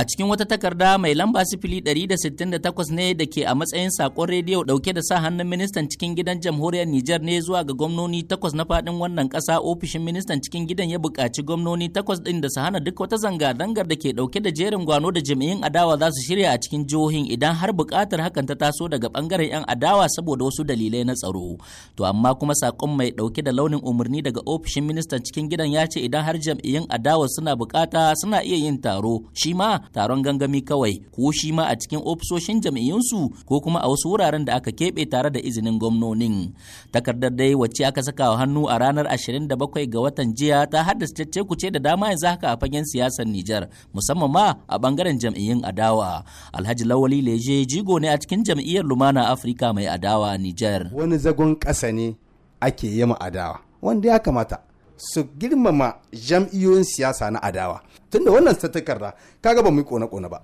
a cikin wata takarda mai lamba sifili 168 ne da ke a matsayin sakon rediyo dauke da sa hannun ministan cikin gidan jamhuriyar Nijar ne zuwa ga gwamnoni takwas na fadin wannan kasa ofishin ministan cikin gidan ya buƙaci gwamnoni takwas din da su hana duk wata zanga-zangar da ke dauke da jerin gwano da jami'in adawa za su shirya a cikin jihohin idan har buƙatar hakan ta taso daga bangaren 'yan adawa saboda wasu dalilai na tsaro to amma kuma sakon mai dauke da launin umarni daga ofishin ministan cikin gidan ya ce idan har jami'in adawa suna bukata suna iya yin taro shi ma taron gangami kawai ko shi ma a cikin ofisoshin jam'iyyunsu ko kuma a wasu wuraren da aka keɓe tare da izinin gwamnonin takardar dai wacce aka saka wa hannu a ranar 27 ga watan jiya ta haddasa cece da dama yanzu haka a fagen siyasar Nijar musamman ma a bangaren jam'iyyun adawa Alhaji Lawali Leje jigo ne a cikin jam'iyyar Lumana Afirka mai adawa Nijar wani zagon ƙasa ne ake yi adawa wanda ya kamata su girmama jam'iyyoyin siyasa na adawa tunda wannan takarda kaga ba mu yi kone-kone ba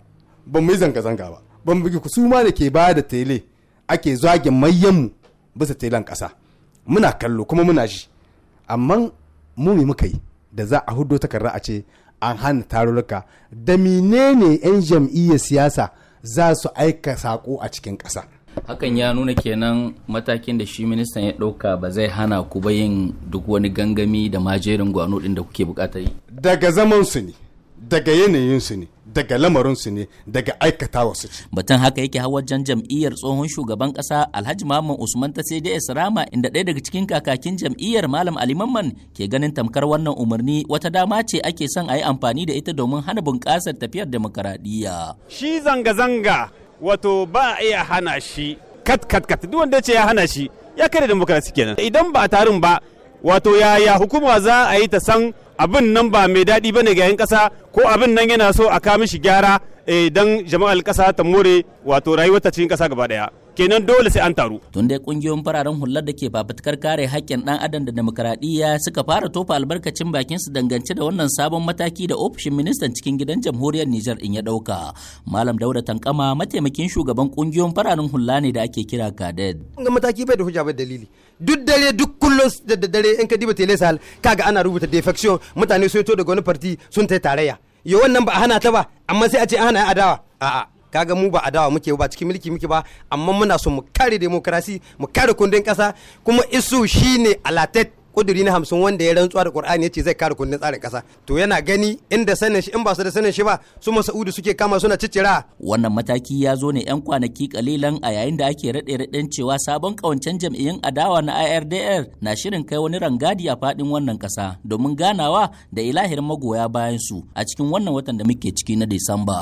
ba mu yi zanga-zanga ba ba mu yi ma da ke bada tele ake mayan mayyanmu bisa telen ƙasa muna kallo kuma muna ji amma mu me muka yi da za a hudo takarda a ce an hana tarurruka da menene 'yan jam'iyyar siyasa za su aika saƙo a cikin ƙasa hakan ya nuna kenan matakin da shi ministan ya dauka ba zai hana ku ba yin duk wani gangami da majerin gwano din da kuke bukatar. yi daga zaman su ne daga yanayin su ne daga lamarin su ne daga aikata wasu ce. Batun haka yake wajen jam'iyyar tsohon shugaban kasa Alhaji Mamman Usman ta sai dai rama inda ɗaya daga cikin kakakin jam'iyyar Malam Ali Mamman ke ganin tamkar wannan umarni wata dama ce ake son a yi amfani da ita domin hana bunƙasar tafiyar demokaradiyya. Shi zanga-zanga wato ba a iya hana shi kat kat duk wanda ya ce ya hana shi ya kare demokarasi kenan idan ba a tarin ba wato yaya hukuma za a yi ta san abin nan ba mai daɗi ba ne ga 'yan kasa ko abin nan yana so a kawo mishi gyara eh, don jama'ar kasa ta more wato rayuwar ta cikin ƙasa gaba ɗaya kenan dole sai an taru tun dai kungiyoyin fararen hular da ke fafutukar kare haƙƙin ɗan adam da demokradiyya suka fara tofa albarkacin bakin su dangance da wannan sabon mataki da ofishin ministan cikin gidan jamhuriyar Nijar in ya ɗauka malam Dauda Tankama mataimakin shugaban kungiyoyin fararen hula ne da ake kira Kaded mataki bai da hujja bai dalili duk dare duk kullum da dare in ka diba tele kaga ana rubuta defection mutane sun to daga wani parti sun tai tarayya yo wannan ba a hana ta ba amma sai a ce a hana adawa a'a kaga mu ba adawa muke ba cikin mulki muke ba amma muna so mu kare demokrasi mu kare kundin kasa kuma isu shine alatet kuduri na hamsin wanda ya rantsuwa da qur'ani ya ce zai kare kundin tsarin kasa to yana gani inda sanin shi in ba su da sanin shi ba su ma masaudu suke kama suna ciccira wannan mataki ya zo ne yan kwanaki kalilan a yayin da ake rade raden cewa sabon kawancen jam'iyyun adawa na IRDR na shirin kai wani rangadi a fadin wannan kasa domin ganawa da ilahirin magoya bayan su a cikin wannan watan da muke ciki na Disamba